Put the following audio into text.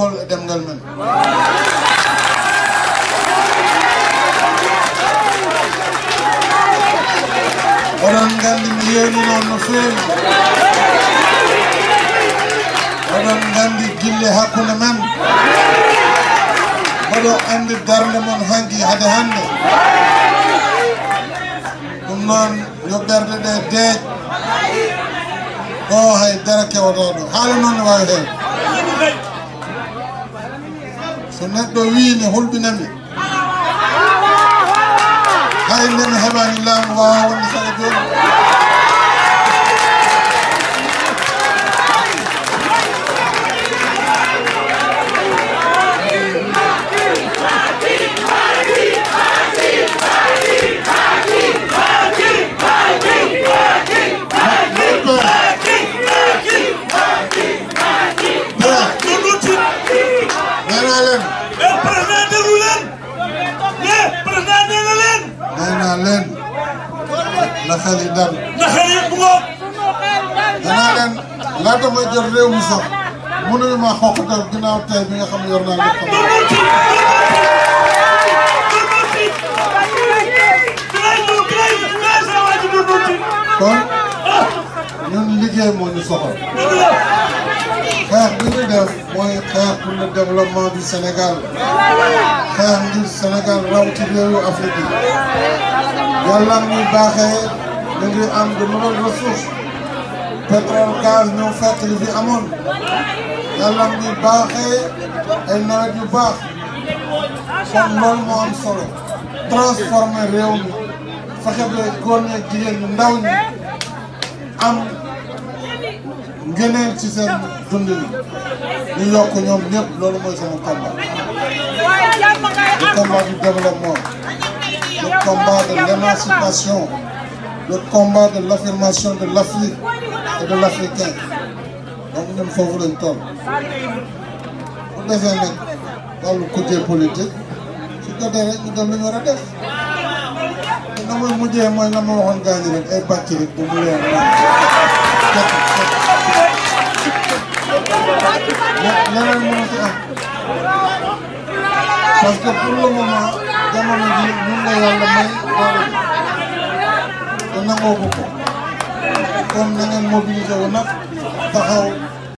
gol dem gelmem. Oradan geldim yeğenin olması. Oradan geldi gilli hakkını ben. endi darlamın hangi hadi hangi. Bundan yoklarda de de. Oh hay derke odanı. Halimin var hep. so neɗɗo wiine holɗunami hay ndeno heɓani laamu wawa wonde saɗa joni nee naa leen. mais président déglu leen. mais président nee na leen. nee naa leen. na xel yi dal. na xel yi bëggoon. nee naa leen laata may jël réew mi sax mënuñu maa xoqatal ginnaaw tey bi nga xam ne yor naa lépp. kon ah. ñun liggéey moo ñu soxal. xeex bi ñu def mooy xeex pour le développement du Sénégal xeex ngir Sénégal raw ci réewu Afrique yi yàlla ñuy baaxee da ngi am de nouvelles ressources pétrole gaz ñoo fekk fi amoon yàlla ñuy baaxee ay nawet yu baax kon loolu moo am solo transformer réew mi fexe ba góor ñi jigéen ndaw ñi ngëneel ci seen dundin ñu yokk ñoom ñëpp loolu mooy sama combat le combat du développement le combat de l'émancipation le combat de l'affirmation de l'Afrique et de l'Africain donc ñun foofu lañ toll bu defee nag wàllu côté politique su jotee rek ñu dem lu ñu war a def te na muy mujjee mooy na ma waxoon gaañ rek ay rek bu mu leen leneen mënatu am parce que pour le moment jamono ji mun nga yàlla may doole bi te nangoo ko ko comme na ngeen mobiliser wu nag taxaw.